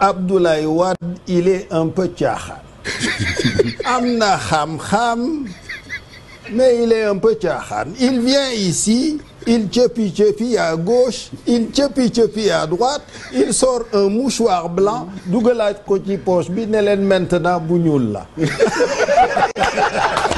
Abdoulaye Wade il est un peu caaxaan am na xam-xam mais il est un peu caaxaan il vient ici il cëppi cëppi à gauche il cëppi cëppi à droite il sort un mouchoir blanc dugalaat ko ci poche bi ne leen bu ñuul la